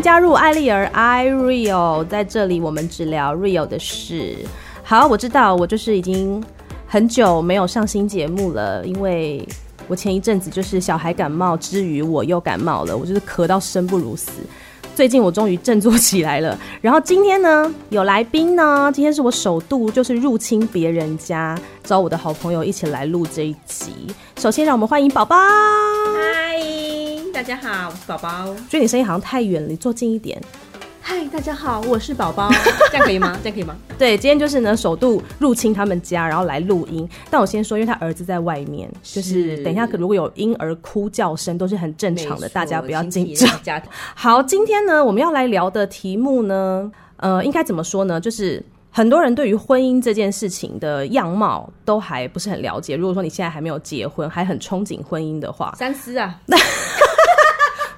加入艾麗兒 I Real，在這裡我們只聊 Real 的事。好，我知道，我就是已經很久沒有上新節目了，因為我前一陣子就是小孩感冒之餘，我又感冒了，我就是咳到生不如死。最近我終於振作起來了。然後今天呢，有來賓呢，今天是我首度就是入侵別人家，找我的好朋友一起來錄這一集。首先，讓我們歡迎寶寶。嗨。大家好，我是寶寶。最近你聲音好像太遠，你坐近一點。嗨，大家好，我是寶寶。 這樣可以嗎？這樣可以嗎？對，今天就是呢，首度入侵他們家，然後來錄音。但我先說，因為他兒子在外面，是就是等一下可如果有嬰兒哭叫聲都是很正常的，錯大家不要緊張。好，今天呢，我們要來聊的題目呢，呃，應該怎麼說呢？就是很多人對於婚姻這件事情的樣貌都還不是很了解。如果說你現在還沒有結婚，還很憧憬婚姻的話，三思啊。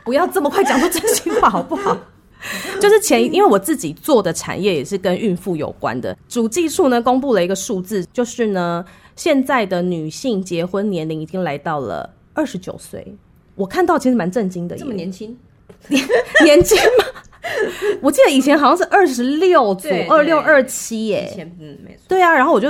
不要這麼快講出真心話，好不好？ 就是前因為我自己做的產業也是跟孕婦有關的。主計處呢公布了一個數字，就是呢現在的女性結婚年齡已經來到了二十九歲。我看到其實蠻震驚的，這麼年輕， 年年輕嗎？我記得以前好像是二十六左右二六二七，哎，嗯，沒錯。對啊，然後我就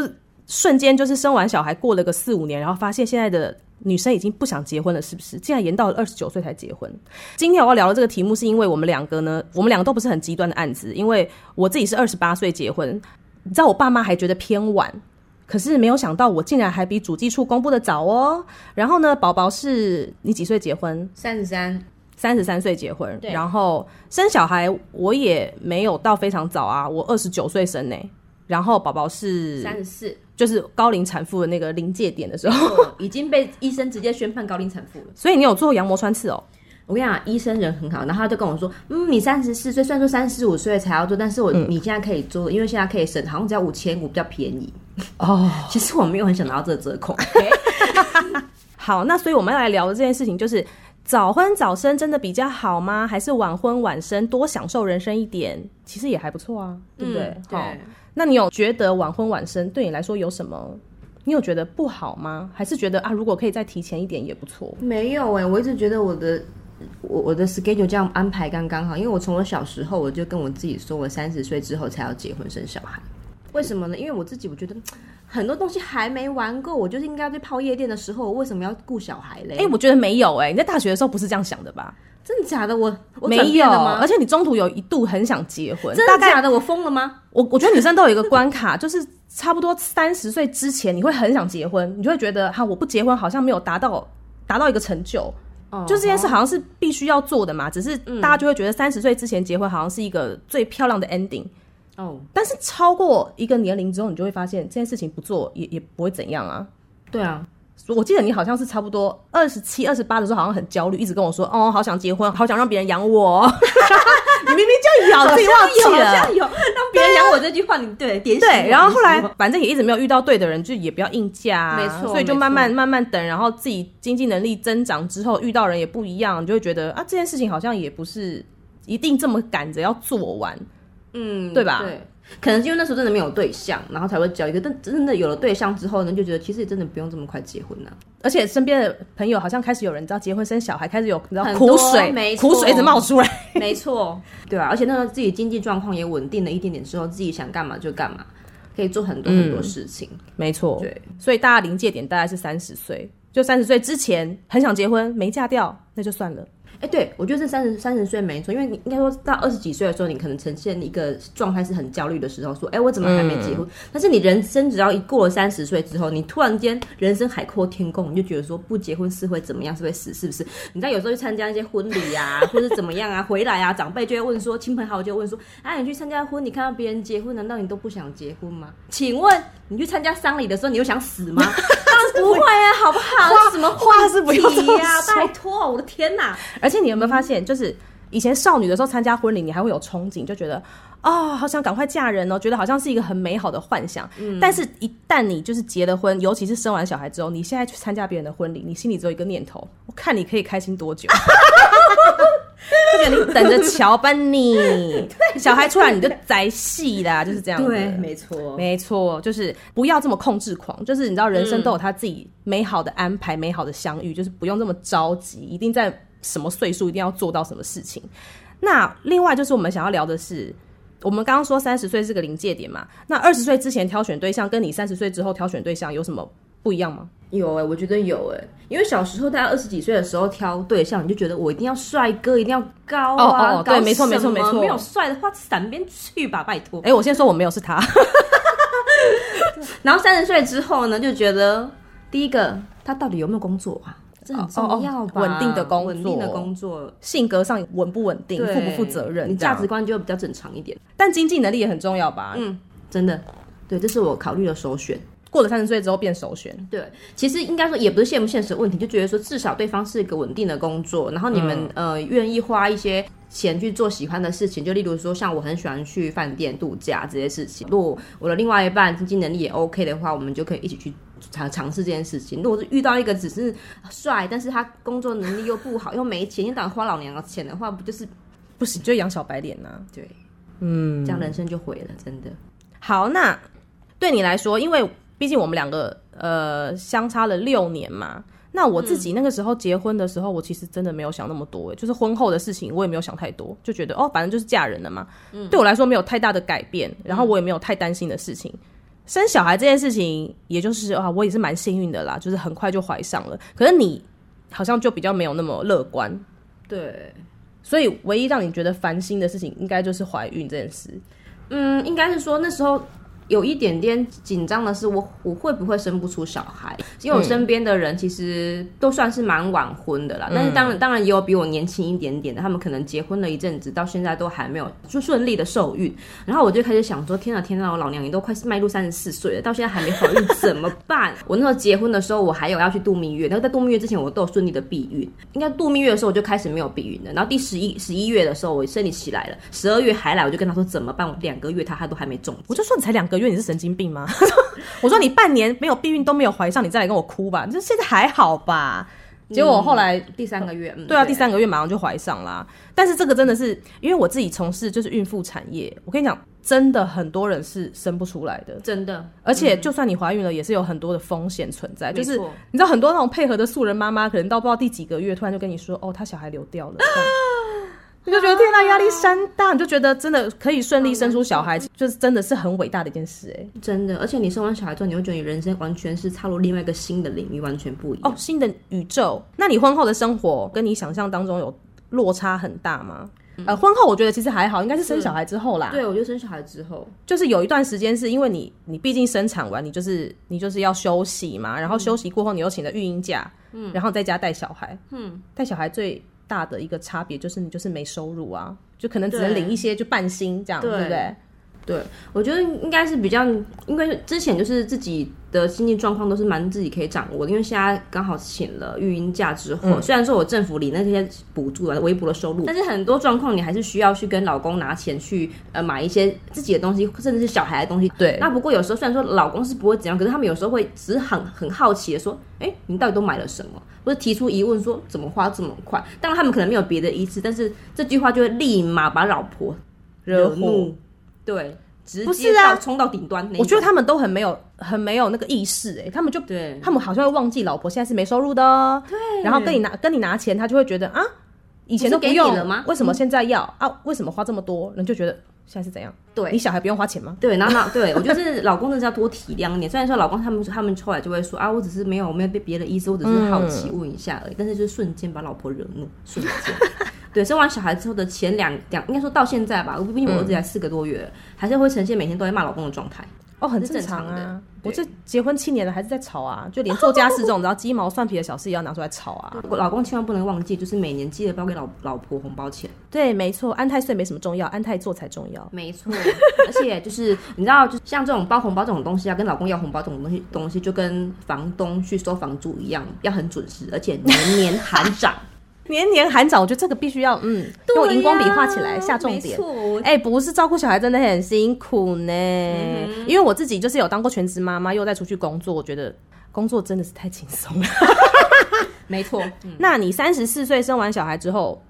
瞬間就是生完小孩過了個四五年，然後發現現在的。女生已經不想結婚了，是不是？竟然延到了二十九歲才結婚。今天我要聊的這個題目，是因為我們兩個呢，我們兩個都不是很極端的案子。因為我自己是二十八歲結婚，你知道我爸媽還覺得偏晚，可是沒有想到我竟然還比主計處公布的早哦。然後呢，寶寶是你幾歲結婚？三十三，三十三歲結婚。對然後生小孩，我也沒有到非常早啊，我二十九歲生呢、欸。然後寶寶是三十四，就是高齡產婦的那個臨界點的時候沒錯， 已經被醫生直接宣判高齡產婦了。所以你有做羊膜穿刺哦？我跟你講，醫生人很好，然後他就跟我說，嗯，你三十四歲，雖然說三十五歲才要做，但是我、嗯、你現在可以做，因為現在可以省，好像只要五千五比較便宜。哦， 其實我沒有很想拿到這個折扣。好，那所以我們要來聊的這件事情就是。早婚早生真的比較好嗎？還是晚婚晚生多享受人生一點？其實也還不錯啊，對不對？好、嗯，那你有覺得晚婚晚生對你來說有什麼？你有覺得不好嗎？還是覺得啊，如果可以再提前一點也不錯？沒有哎、欸，我一直覺得我的我我的 schedule 這樣安排剛剛好，因為我從我小時候我就跟我自己說，我三十歲之後才要結婚生小孩。為什麼呢？因為我自己我覺得。很多東西還沒玩夠，我就是應該在泡夜店的時候，我為什麼要顧小孩嘞？哎、欸，我覺得沒有哎、欸，你在大學的時候不是這樣想的吧？真的假的？我，我轉變了嗎？沒有，而且你中途有一度很想結婚，真的假的？大概，我瘋了嗎？我我覺得女生都有一個關卡， 就是差不多三十歲之前，你會很想結婚，你就會覺得哈，我不結婚好像沒有達到達到一個成就，oh, 就這件事好像是必須要做的嘛，只是大家就會覺得三十歲之前結婚好像是一個最漂亮的 ending。哦，但是超過一個年齡之後，你就會發現這件事情不做也也不會怎樣啊。對啊，所以我記得你好像是差不多二十七、二十八的時候，好像很焦慮，一直跟我說：“哦，好想結婚，好想讓別人養我。” 你明明就咬「養，你忘記了叫養，讓別人養我這句話你，你對點醒、啊。然後後來反正也一直沒有遇到對的人，就也不要硬嫁、啊，沒錯錯，所以就慢慢錯慢慢等，然後自己經濟能力增長之後，遇到人也不一樣，你就會覺得啊，這件事情好像也不是一定這麼趕着要做完。嗯，對吧？對，可能是因為那時候真的沒有對象，然後才會交一個。但真的有了對象之後，呢，就覺得其實也真的不用這麼快結婚了、啊，而且身邊的朋友好像開始有人知道結婚生小孩，開始有你知道很多苦水，沒錯苦水一直冒出來。沒錯， 對啊。而且那時候自己經濟狀況也穩定了一點點之後，自己想幹嘛就幹嘛，可以做很多很多事情。嗯、沒錯，對。所以大家臨界點大概是三十歲，就三十歲之前很想結婚沒嫁掉，那就算了。哎，欸、對，我覺得這三十三十歲沒錯，因為你應該說到二十幾歲的時候，你可能呈現一個狀態是很焦慮的時候，說，哎、欸，我怎麼還沒結婚？嗯、但是你人生只要一過了三十歲之後，你突然間人生海闊天空，你就覺得說不結婚是會怎麼樣？是會死？是不是？你在有時候去參加一些婚禮呀、啊，或者 怎麼樣啊，回來啊，長輩就會問說，親朋好友問說，啊，你去參加婚禮看到別人結婚，難道你都不想結婚嗎？請問你去參加喪禮的時候，你又想死嗎？ 不會、啊、好不好？話什麼話是不一。說、啊、 拜託！我的天哪、啊！而且你有沒有發現，就是以前少女的時候參加婚禮，你還會有憧憬，就覺得啊、哦，好想趕快嫁人哦，覺得好像是一個很美好的幻想。嗯、但是，一旦你就是結了婚，尤其是生完小孩之後，你現在去參加別人的婚禮，你心裡只有一個念頭：我看你可以開心多久。 這個 你等着瞧吧你小孩出來你就宅戲啦，就是這樣子。對，沒錯，沒錯，就是不要這麼控制狂。就是你知道，人生都有他自己美好的安排，美好的相遇，就是不用這麼着急，一定在什麼歲數一定要做到什麼事情。那另外就是我們想要聊的是，我們剛剛說三十歲是個臨界點嘛。那二十歲之前挑選對象，跟你三十歲之後挑選對象有什麼？不一樣嗎？有哎，我覺得有哎，因為小時候大家二十幾歲的時候挑對象，你就覺得我一定要帥哥，一定要高啊，哦哦，對，沒錯沒錯沒錯，沒有帥的話閃邊去吧，拜託。哎，我先說我沒有是他。然後三十歲之後呢，就覺得第一個他到底有沒有工作啊？這很重要吧？穩定的工作，穩定的工作，性格上穩不穩定，負不負責任，價值觀就會比較正常一點。但經濟能力也很重要吧？嗯，真的，對，這是我考慮的首選。過了三十歲之後變首選，對，其實應該說也不是現不現實的問題，就覺得說至少對方是一個穩定的工作，然後你們、嗯、呃願意花一些錢去做喜歡的事情，就例如說像我很喜歡去飯店度假這些事情。如果我的另外一半經濟能力也 OK 的話，我們就可以一起去嘗嘗試這件事情。如果是遇到一個只是帥，但是他工作能力又不好， 又沒錢，你打算花老娘的錢的話，不就是不行就養小白臉呢、啊？對，嗯，這樣人生就毀了，真的。好，那對你來說，因為畢竟我們兩個呃相差了六年嘛，那我自己那個時候結婚的時候，嗯、我其實真的沒有想那麼多，就是婚後的事情我也沒有想太多，就覺得哦，反正就是嫁人了嘛，嗯、對我來說沒有太大的改變，然後我也沒有太擔心的事情。嗯、生小孩這件事情，也就是啊，我也是蠻幸運的啦，就是很快就懷上了。可是你好像就比較沒有那麼樂觀，對，所以唯一讓你覺得煩心的事情，應該就是懷孕這件事。嗯，應該是說那時候。有一點點緊張的是我，我我會不會生不出小孩？因為我身邊的人其實都算是蠻晚婚的啦。嗯、但是當然當然也有比我年輕一點點的，他們可能結婚了一陣子，到現在都還沒有就順利的受孕。然後我就開始想說：天吶、啊、天吶、啊，我老娘也都快邁入三十四歲了，到現在還沒懷孕，怎麼辦？ 我那時候結婚的時候，我還有要去度蜜月，然後在度蜜月之前，我都有順利的避孕。應該度蜜月的時候，我就開始沒有避孕了。然後第十一十一月的時候，我生理期來了，十二月還來，我就跟他說怎麼辦？我兩個月他他都還沒中，我就算才兩個月。因為你是神經病嗎？ 我說，你半年沒有避孕都沒有懷上，你再來跟我哭吧。這現在還好吧？嗯、結果我後來第三個月，嗯、對啊，第三個月馬上就懷上啦。對但是這個真的是因為我自己從事就是孕婦產業，我跟你講，真的很多人是生不出來的，真的。而且就算你懷孕了，嗯、也是有很多的風險存在。就是錯你知道很多那種配合的素人媽媽，可能到不知道第幾個月，突然就跟你說，哦，她小孩流掉了。 你就覺得天吶，壓力山大，oh, hi. 你就覺得真的可以順利生出小孩子，oh, 就是真的是很偉大的一件事哎、欸，真的。而且你生完小孩之後，你會覺得你人生完全是插入另外一個新的領域，完全不一樣哦，oh, 新的宇宙。那你婚後的生活跟你想象當中有落差很大嗎？嗯、呃，婚後我覺得其實還好，應該是生小孩之後啦。對，我覺得生小孩之後，就是有一段時間是因為你，你畢竟生產完，你就是你就是要休息嘛，然後休息過後，你又請了育嬰假，嗯，然後在家帶小孩，嗯，帶小孩最大的一個差別就是，你就是沒收入啊，就可能只能領一些，就半薪這樣，對，對不對？對，我覺得應該是比較，因為之前就是自己的經濟狀況都是蠻自己可以掌握的，因為現在剛好請了育嬰假之後，嗯、雖然說我政府領那些補助啊，微薄的收入，但是很多狀況你還是需要去跟老公拿錢去呃買一些自己的東西，甚至是小孩的東西。對，那不過有時候雖然說老公是不會怎樣，可是他們有時候會只是很很好奇的說，哎，你到底都買了什麼？或者提出疑問說怎麼花這麼快？當然他們可能沒有別的意思，但是這句話就會立馬把老婆惹怒。對，直接不是啊，衝到頂端。我覺得他們都很沒有、很沒有那個意識，哎，他們就，對他們好像會忘記老婆現在是沒收入的，對，然後跟你拿、跟你拿錢，他就會覺得啊，以前都不用，不是給你了嗎？為什麼現在要啊？為什麼花這麼多？人就覺得。現在是怎樣？對你小孩不用花錢嗎？對，那那對我就是老公，就是要多體諒一點。 雖然說老公他們他們出來就會說啊，我只是沒有沒有別別的意思，我只是好奇問一下而已。嗯、但是就是瞬間把老婆惹怒，瞬間。 對，生完小孩之後的前兩兩，應該說到現在吧，我畢竟我兒子才四個多月，嗯、還是會呈現每天都在罵老公的狀態。哦，很正常啊。對我這結婚七年了，還是在吵啊！就連做家事這種，然後雞毛蒜皮的小事也要拿出來吵啊！ 我老公千萬不能忘記，就是每年記得包給老老婆紅包錢。對，沒錯，安太歲沒什麼重要，安太座才重要。沒錯， 而且就是你知道，就像這種包紅包這種東西啊，跟老公要紅包這種東西， 東西就跟房東去收房租一樣，要很準時，而且年年喊漲。 年年喊早，我覺得這個必須要嗯、啊、用熒光筆畫起來下重點。哎錯、欸，不是照顧小孩真的很辛苦呢，嗯、哼因為我自己就是有當過全職媽媽，又再出去工作，我覺得工作真的是太輕鬆了。 沒錯，嗯、那你三十四歲生完小孩之後，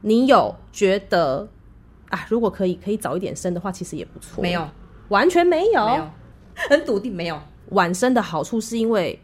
你有覺得啊？如果可以，可以早一點生的話，其實也不錯。沒有，完全沒有，沒有，很篤定，沒有。晚生的好處是因為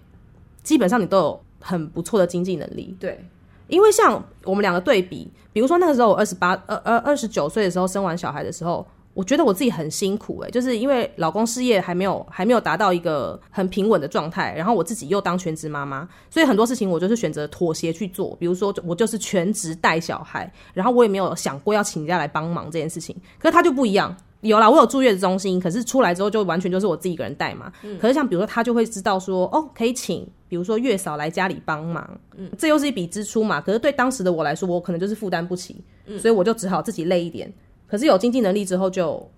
基本上你都有很不錯的經濟能力。對。因為像我們兩個對比，比如說那個時候我二十八、二二二十九歲的時候生完小孩的時候，我覺得我自己很辛苦哎、欸，就是因為老公事業還沒有還沒有達到一個很平穩的狀態，然後我自己又當全職媽媽，所以很多事情我就是選擇妥協去做，比如說我就是全職帶小孩，然後我也沒有想過要請人家來幫忙這件事情，可是他就不一樣。有啦，我有住月子中心，可是出來之後就完全就是我自己一個人帶嘛。嗯、可是像比如說他就會知道說，哦，可以請，比如說月嫂來家裡幫忙，嗯、這又是一筆支出嘛。可是對當時的我來說，我可能就是負擔不起，嗯、所以我就只好自己累一點。可是有經濟能力之後就，就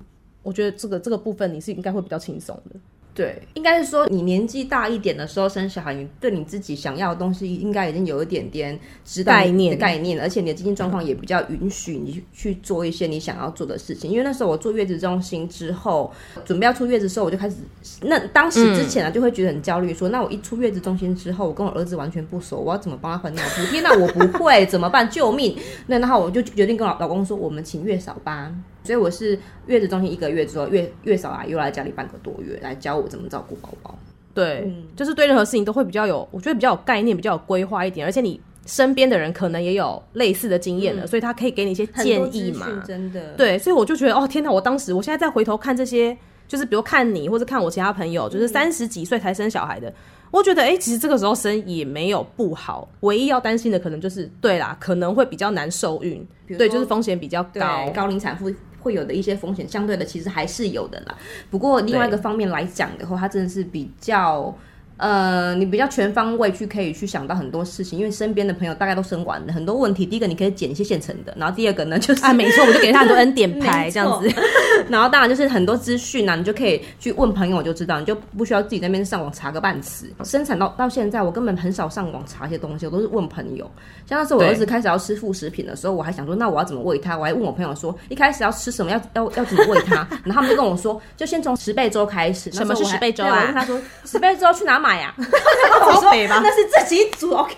我覺得這個這個部分你是應該會比較輕鬆的。對，應該是說你年紀大一點的時候生小孩，你對你自己想要的東西應該已經有一點點知道概念概念，概念，而且你的經濟狀況也比較允許你去做一些你想要做的事情。對因為那時候我坐月子中心之後，準備要出月子的時候，我就開始那當時之前啊就會覺得很焦慮說，說、嗯、那我一出月子中心之後，我跟我兒子完全不熟，我要怎麼幫他換尿布？天哪，我不會怎麼辦？救命！那然後我就決定跟老老公說，我們請月嫂吧。所以我是月子中心一個月之後，月月嫂啊又來家裡半個多月，來教我怎麼照顧寶寶。對，嗯、就是對任何事情都會比較有，我覺得比較有概念，比較有規劃一點。而且你身邊的人可能也有類似的經驗了，嗯、所以他可以給你一些建議嘛。真的，對，所以我就覺得哦，天哪！我當時，我現在再回頭看這些，就是比如看你或者看我其他朋友，就是三十幾歲才生小孩的，嗯、我覺得哎、欸，其實這個時候生也沒有不好，唯一要擔心的可能就是對啦，可能會比較難受孕。對，就是風險比較高，高齡產婦。會有的一些風險，相對的其實還是有的啦。不過另外一個方面來講的話，對它真的是比較。呃，你比較全方位去可以去想到很多事情，因為身邊的朋友大概都生完了，很多問題。第一個你可以撿一些現成的，然後第二個呢就是， 啊，沒錯，我就給他很多 N 點牌這樣子。錯然後當然就是很多資訊吶，你就可以去問朋友，就知道，你就不需要自己在那邊上網查個半詞。生產到到現在，我根本很少上網查一些東西，我都是問朋友。像那時候我兒子開始要吃副食品的時候，我還想說，對那我要怎麼餵他？我還問我朋友說，一開始要吃什麼，要要要怎麼餵他？然後他們就跟我說， 就先從十倍粥開始。什麼是十倍粥啊？對，我跟他說，十倍粥去哪買？呀， 剛剛我說 那是自己煮，OK，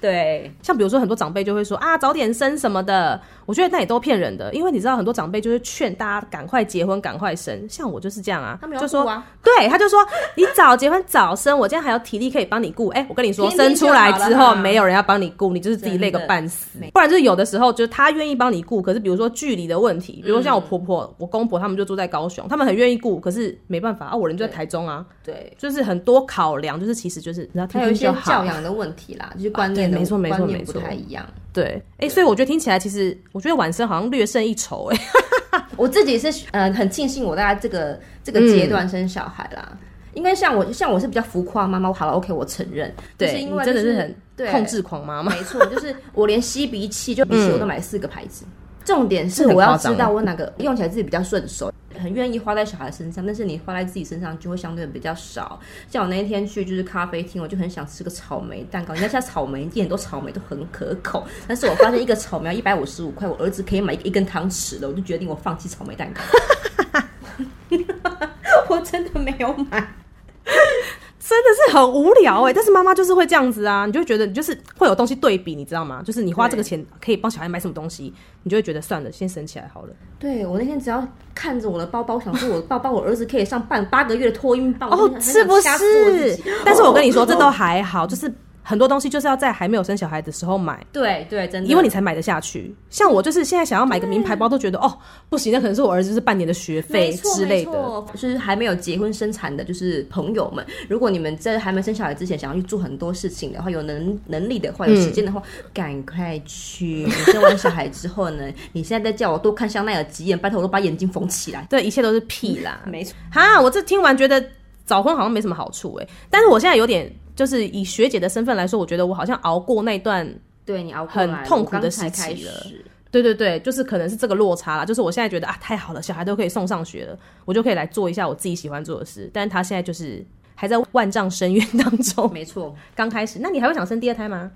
對，像比如說很多長輩就會說啊，早點生什麼的。我覺得那也都騙人的，因為你知道很多長輩就是勸大家趕快結婚、趕快生。像我就是這樣啊，他要啊就說，對，他就說 你早結婚早生，我今天還有體力可以幫你顧。哎、欸，我跟你說，生出來之後沒有人要幫你顧，你就是自己累個半死。的不然就是有的時候就是他願意幫你顧，可是比如說距離的問題，比如說像我婆婆、嗯、我公婆他們就住在高雄，他們很願意顧，可是沒辦法啊，我人就在台中啊。對，對就是很多考量，就是其實就是然後他有一些教養的問題啦，就是觀念，沒錯沒錯沒錯，不太一樣。對、欸，所以我覺得聽起來，其實我覺得晚生好像略勝一籌，欸， 我自己是，呃，很慶幸我在這個這個階段生小孩啦，應該、嗯、像我，像我是比較浮誇媽媽，好了，OK，我承認，對，就因為、就是、真的是很控制狂媽媽，對媽媽沒錯，就是我連吸鼻器就，嗯，我都買四個牌子。嗯重點是我要知道我哪個用起來自己比較順手，手，很願意花在小孩身上，但是你花在自己身上就會相對比較少。像我那一天去就是咖啡廳，我就很想吃個草莓蛋糕。你看現在草莓店 很多，草莓都很可口，但是我發現一個草莓要一百五十五塊，我兒子可以買一,一根湯匙的，我就決定我放棄草莓蛋糕。 我真的沒有買。 真的是很無聊哎、欸，但是媽媽就是會這樣子啊，你就會覺得你就是會有東西對比，你知道嗎？就是你花這個錢可以幫小孩買什麼東西，你就會覺得算了，先省起來好了。對，我那天只要看着我的包包，想說我的包包， 我兒子可以上半八個月的托嬰班哦，是不是？但是我跟你說，這都還好， 就是。很多東西就是要在還沒有生小孩的時候買，對對，真的，因為你才買得下去。像我就是現在想要買個名牌包，都覺得對哦不行，那可能是我兒子是半年的學費之類的。就是還沒有結婚生產的就是朋友們，如果你們在還沒生小孩之前想要去做很多事情的話，有能能力的話，有時間的話，趕快去。嗯、你生完小孩之後呢， 你現在在叫我多看香奈兒幾眼，拜託我都把眼睛縫起來。對，一切都是屁啦，嗯、沒錯。哈，我這聽完覺得早婚好像沒什麼好處誒、欸，但是我現在有點。就是以學姐的身份來說，我覺得我好像熬過那段對你熬過很痛苦的時期了。對對對，就是可能是這個落差啦。就是我現在覺得啊，太好了，小孩都可以送上學了，我就可以來做一下我自己喜歡做的事。但是他現在就是還在萬丈深淵當中。沒錯錯，剛開始。那你還會想生第二胎嗎？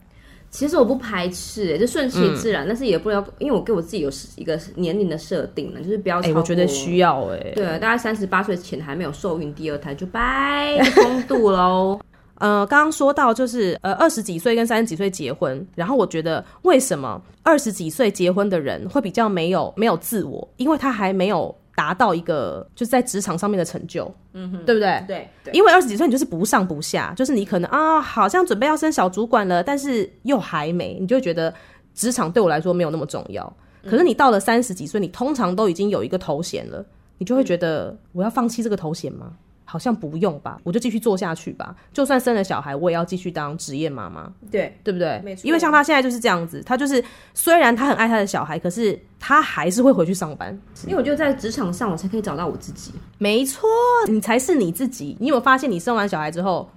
其實我不排斥、欸，就順其自然。嗯、但是也不要，因為我給我自己有一個年齡的設定就是不要。哎、欸，我覺得需要哎、欸。對，大概三十八歲前還沒有受孕，第二胎就拜封度嘍。 呃，剛剛說到就是呃二十幾歲跟三十幾歲結婚，然後我覺得為什麼二十幾歲結婚的人會比較沒有沒有自我，因為他還沒有達到一個就是在職場上面的成就，嗯哼，對不對？對，對因為二十幾歲你就是不上不下，嗯、就是你可能啊、哦、好像準備要升小主管了，但是又還沒，你就會覺得職場對我來說沒有那麼重要。嗯、可是你到了三十幾歲，你通常都已經有一個頭銜了，你就會覺得我要放棄這個頭銜嗎？好像不用吧，我就繼續做下去吧。就算生了小孩，我也要繼續當職業媽媽。對，對不對？沒錯，因為像她現在就是這樣子，她就是雖然她很愛她的小孩，可是她還是會回去上班。因為我就在職場上，我才可以找到我自己。沒錯，你才是你自己。你有發現，你生完小孩之後，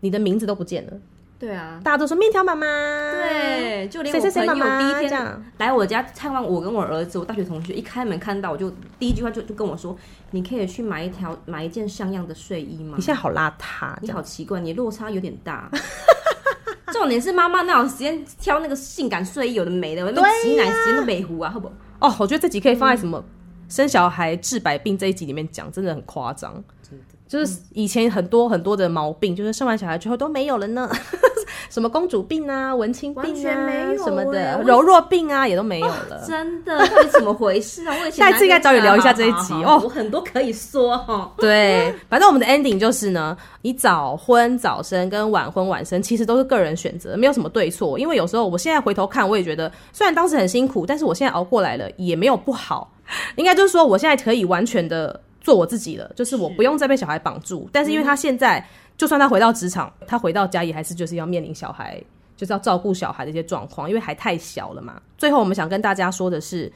你的名字都不見了。對啊，大家都說面條媽媽。對。就連我朋友第一天來我家探望我，跟我兒子，我大學同學一開門看到我就第一句話就就跟我說：“你可以去買一條買一件像樣的睡衣嗎？”你現在好邋遢，你好奇怪，你落差有點大。 重點是媽媽那種時間挑那個性感睡衣，有的沒的對，啊、我對，洗奶時間那美糊啊，好不？哦，我覺得這集可以放在什麼生小孩治百病這一集裡面講，真的很誇張。真的，就是以前很多很多的毛病，就是生完小孩之後都沒有了呢。 什麼公主病啊、文青病啊、啊什麼的也柔弱病啊，也都沒有了哦。真的，到底怎麼回事？ 啊？我也下一次應該找你聊一下這一集好好好哦。我很多可以說哈、哦。對，反正我們的 ending 就是呢，你早婚早生跟晚婚晚生其實都是個人選擇，沒有什麼對錯。因為有時候我現在回頭看，我也覺得雖然當時很辛苦，但是我現在熬過來了也沒有不好。應該就是說，我現在可以完全的做我自己了，就是我不用再被小孩綁住。是但是因為他現在。嗯就算她回到職場，她回到家也還是就是要面臨小孩，就是要照顧小孩的一些狀況，因為還太小了嘛。最後我們想跟大家說的是，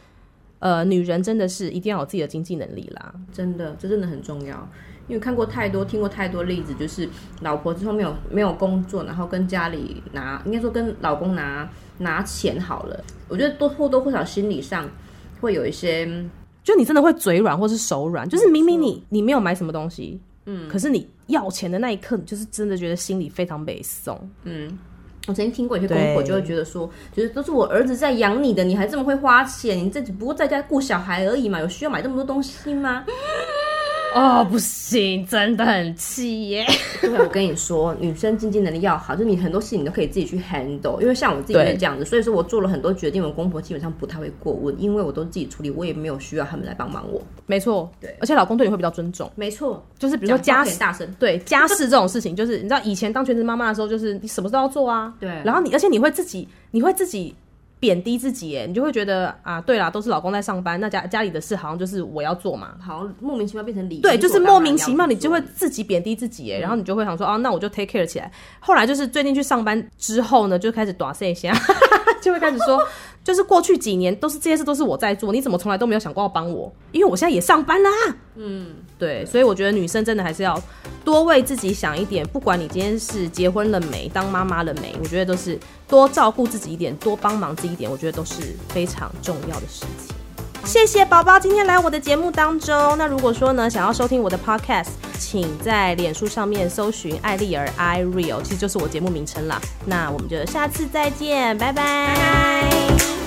呃，女人真的是一定要有自己的經濟能力啦，真的，這真的很重要。因為看過太多、聽過太多例子，就是老婆之後沒有沒有工作，然後跟家裡拿，應該說跟老公拿拿錢好了。我覺得多或多或少心理上會有一些，就你真的會嘴軟或是手軟，就是明明你你沒有買什麼東西。嗯，可是你要錢的那一刻，你就是真的覺得心裡非常被松。嗯，我曾經聽過一些公婆，就會覺得說，對覺得都是我兒子在養你的，你還這麼會花錢，你自己不過在家顧小孩而已嘛，有需要買這麼多東西嗎？ 哦，不行，真的很氣耶！因 為我跟你說，女生經濟能力要好，就是你很多事情你都可以自己去 handle。因為像我自己也這樣子，對所以說我做了很多決定，我公婆基本上不太會過問，因為我都自己處理，我也沒有需要他們來幫忙我。我沒錯錯，對，而且老公對你會比較尊重。沒錯錯，就是比如說家事，對家事這種事情，就是你知道以前當全職媽媽的時候，就是你什麼都要做啊。對，然後你而且你會自己，你會自己。貶低自己，耶，你就會覺得啊，對啦，都是老公在上班，那家家裡的事好像就是我要做嘛，好像莫名其妙變成理。對，就是莫名其妙，你就會自己貶低自己，耶，嗯、然後你就會想說，哦、啊，那我就 take care 起來。後來就是最近去上班之後呢，就開始短一哈就會開始說。 就是過去幾年都是這些事都是我在做，你怎麼從來都沒有想過要幫我？因為我現在也上班啦啊。嗯，對，對，所以我覺得女生真的還是要多為自己想一點，不管你今天是結婚了沒，當媽媽了沒，我覺得都是多照顧自己一點，多幫忙自己一點，我覺得都是非常重要的事情。謝謝寶寶今天來我的節目當中。那如果說呢，想要收聽我的 podcast，請在臉書上面搜尋艾麗兒 I Real，其實就是我節目名稱啦。那我們就下次再見，拜拜。